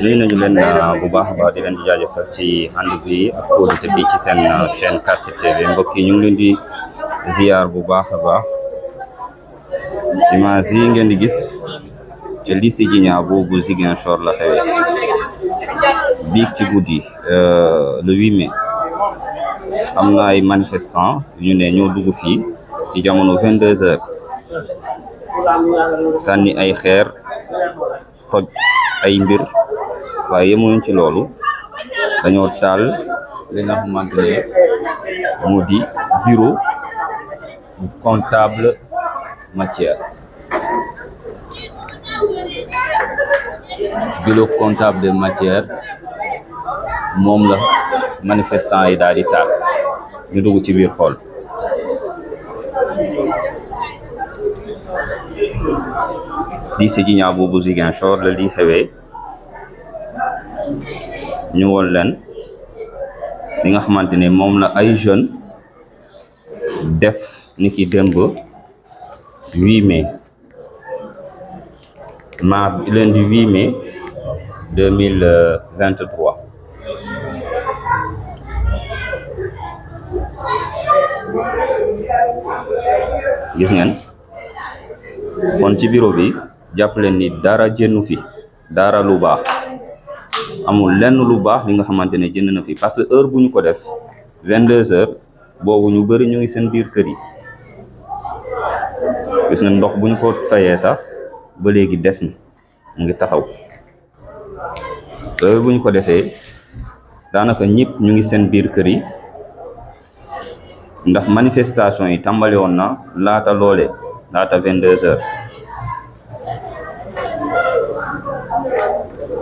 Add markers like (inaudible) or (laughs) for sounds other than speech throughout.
nuyu nañu leen ah, bu baax a baax di leen di jaajëfal ci ànd bi ak kóolute bi ci seen ah, chaîne K7 TV mbokk yi ñu ngi leen ziyaar bu baax a baax image yi ngeen di gis ca lycée Djigna boobu Ziguinchor la xewee bi ci guddi euh, le 8 mai am na ay manifestants ñu ne ñu dugg fii ci jamono 22 heures sànni ay xeer toj ay mbir waaye yemuñu ci loolu dañoo taal li nga xamante ne mu di bureau bu comptable matière bureau comptable matière moom la manifestant yi daal di taal ñu dugg ci biir xool di Sidina Boubou Ziguinchor la li xewee ñu woon leen li nga xamante ne moom la ay jeunes def ni ki démb 8 mai maa lundi 8 mai 2023 gis ngeen kon ci bureau bi jàpp leen ni dara jënnu fi dara lu baax amul lenn lu baax li nga xamante ne jënd na fi parce que heure bu ñu ko def vingt deux heures boobu ñu bëri ñu ngi seen biir kër yi gis ndox bu ñu ko fayee sax ba léegi des ni mu taxaw heure bu ñu ko defee daanaka ñëpp ñu ngi seen biir kër yi ndax manifestation yi tàmbali woon na laata loole laata vingt deux heures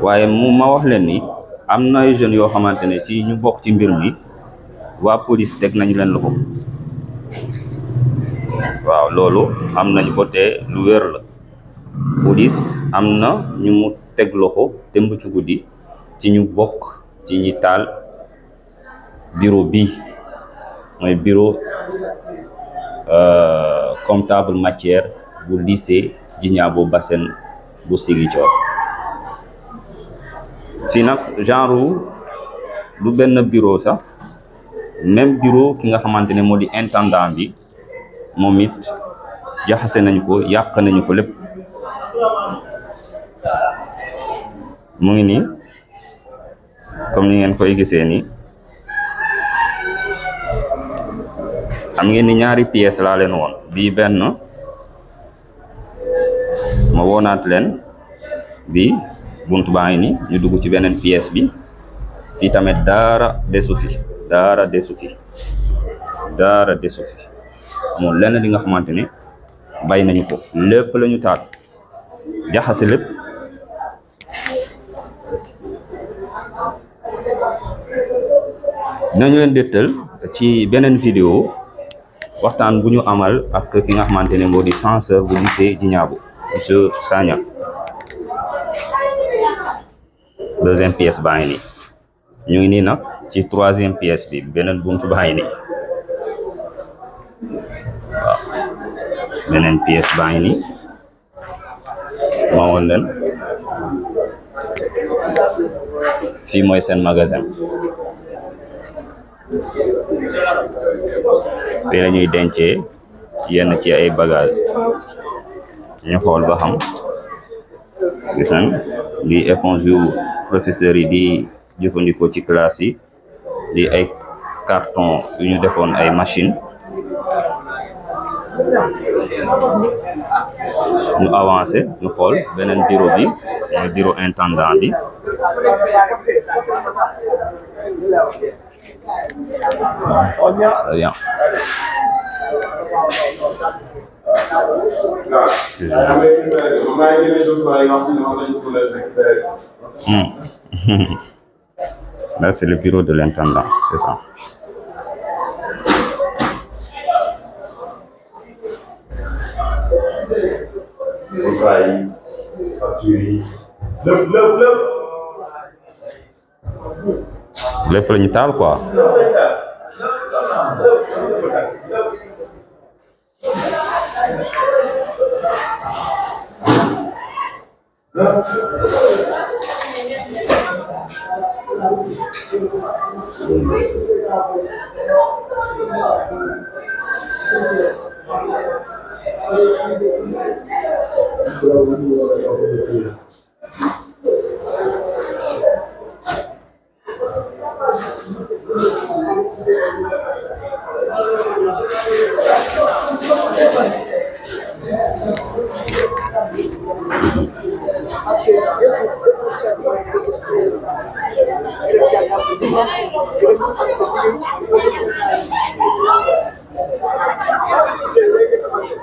waaye mu ma wax leen ni am na ay jeunes yoo xamante ne ci ñu bokk ci mbir mi waa police teg nañu leen loxo waaw loolu am nañu ko te lu wér la police am na ñu mu teg loxo démb ci guddi ci ñu bokk ci ñi taal bureau bi mooy bureau euh, comptable matière bu lycée Djignabo Bassène bu Ziguinchor fii nag genre du benn bureau sax même bureau ki nga xamante ne moo di intendant bi moom it jaxase nañu ko yàq nañu ko lépp mu ngi nii comme ni ngeen koy gisee nii am ngeen ni ñaari pièces laa leen woon bii benn ma woonaat leen bii buntu baa ngi ni ñu dugg ci beneen pièce bi fii tamit daara desu fi daara desu fi daara desu fi amul lenn li nga xamante ne bàyyi nañu ko lépp lañu taat taal jaxase lépp nañu leen dëttal ci beneen vidéo waxtaan bu ñu amal ak ki nga xamante ne moo di censeur bu lycée Djignabo monsieur Sagna deuxième pièce baa ngi nii ñu ngi nii nag ci troisième pièce bi beneen buntu baa ngi nii waaw beneen pièce baa ngi nii ma woon leen fii mooy seen magasin fii la ñuy dencee yenn ci ay bagaas ñu xool ba xam gis nañ lii professeur yi di jëfandikoo ci classe yi di ay carton yu ñu defoon ay machine ñu avancé ñu xool beneen bureau bi mooy bureau intendant bi bien Hmm. (laughs) Là, c'est le bureau de l'intendant, c'est ça. Le quoi. Gracias.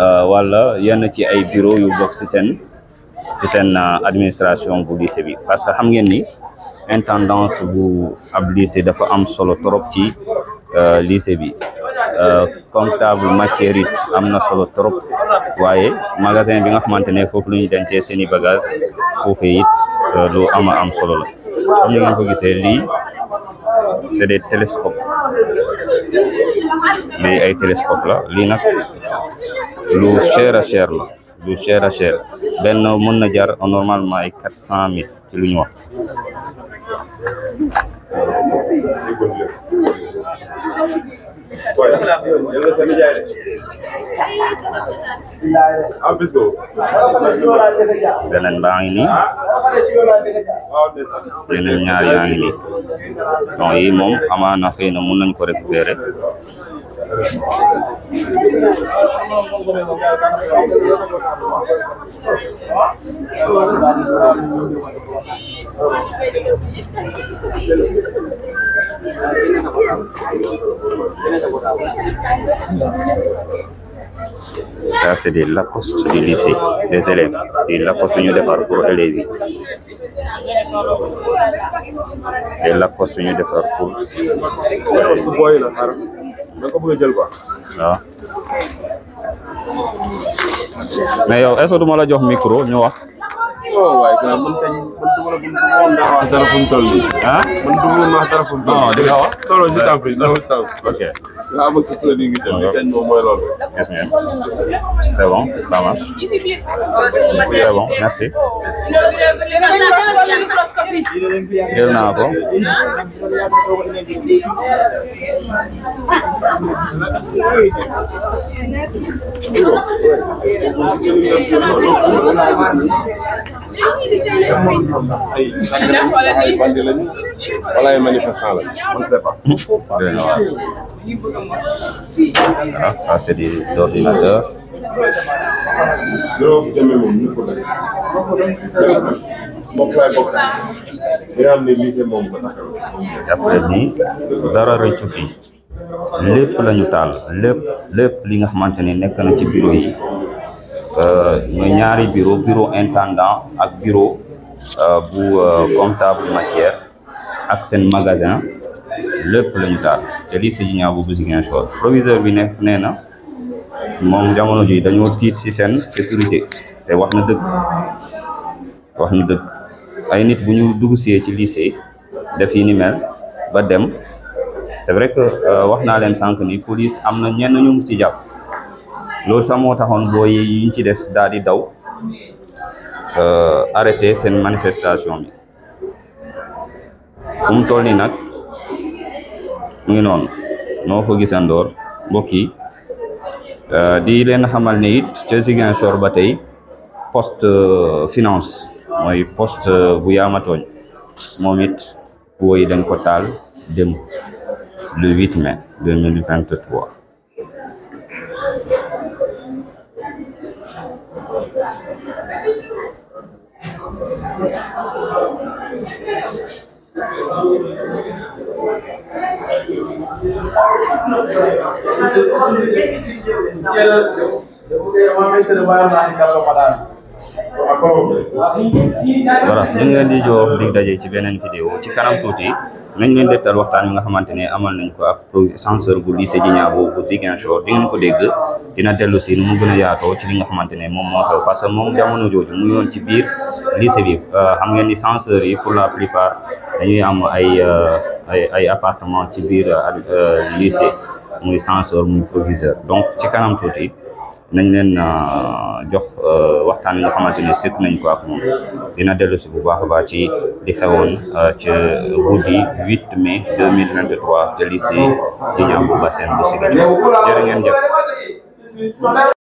Euh, wala yenn ci ay bureau yu bokk si seen si seen euh, administration bu lycée bi parce que xam ngeen ni intendance bu ab lycée dafa am solo trop ci euh, lycée bi comptable matière it am na solo trop waaye magasin bi nga xamante ne foofu lu ñu dencee seen i bagage foofu it lu ama am solo la comme ni ngeen ko gisee lii c'est des télescopes lii ay télescope la lii nag lu cher à cher lu cher à cher benn mën na jar normalement ay quatre cent mille ci lu ñu wax beneen baa ngi nii yeneen ñaar yaa ngi nii donc yi na mën nañ ko récupérer Ça, c'est la lacoste du lycée, des élèves, de parcours élèves. la de da nga ko bëgg a jël quoi. waaw. mais yow est ce que du ma la jox micro ñu wax. non waaye ah man du ma la wax dara fu mu toll nii. non di nga wax tolloo si temps bi non si jël naa ko ay bandi lañu wala ay manifestant lañu on ne sait pas. Voilà, ça c'est des ordinateurs. Bon, après lii dara rëccu fi lépp lañu ñu taal lépp lépp li nga xamante ni nekk na ci bureau yi ñooy euh, ñaari bureau bureau intendant ak bureau euh, bu euh, comptable matière ak seen magasin lépp la ñu taal te li sëñ ñaa bu Ziguinchor proviseur bi nekk nee na moom jamono ji dañoo tiit ci seen sécurité te wax na dëkk wax na dëkk ay nit bu ñu dugg ci lycée def yi ni mel ba dem c'est vrai que euh, wax naa leen sànq ni police am na ñenn ñu ngi ci jàpp loolu sax moo taxoon booy yi ñu ci des daal di daw euh, arrêté seen manifestation bi fu mu toll nii nag mu ngi noonu noo ko gisandoor mbokk yi euh, di leen xamal ne it ca Ziguinchor ba tey poste finance mooy poste bu yaamatooñ moom it wo yi dañ ko taal dem le 8 mai 2023 Dia dia dia dia dia dia dia dia dia voilà ñu ngi leen di daje ci beneen vidéo ci kanam tuuti nañ leen dettal waxtaan wi nga xamante ne amal nañ ko ak censeur bu lycée Djignabo bu Ziguinchor di ngeen ko dégg dina dellu si nu mu gën ci li nga xamante ne moom moo parce que moom jamono jooju mu yoon ci biir lycée bi euh, xam ngeen ni censeur yi pour la plupart dañuy am ay euh, ay ay appartement ci biir euh, lycée muy censeur muy proviseur donc ci kanam tuuti nañ leen euh, jox euh, waxtaan wi nga xamante ne nañ ko ak moom dina dellusi si bu baax a baax ci di xewoon euh, ca guddi 8 mai 2023 te lycée Djignabo Bassène bu Ziguinchor jërë ngeen jëf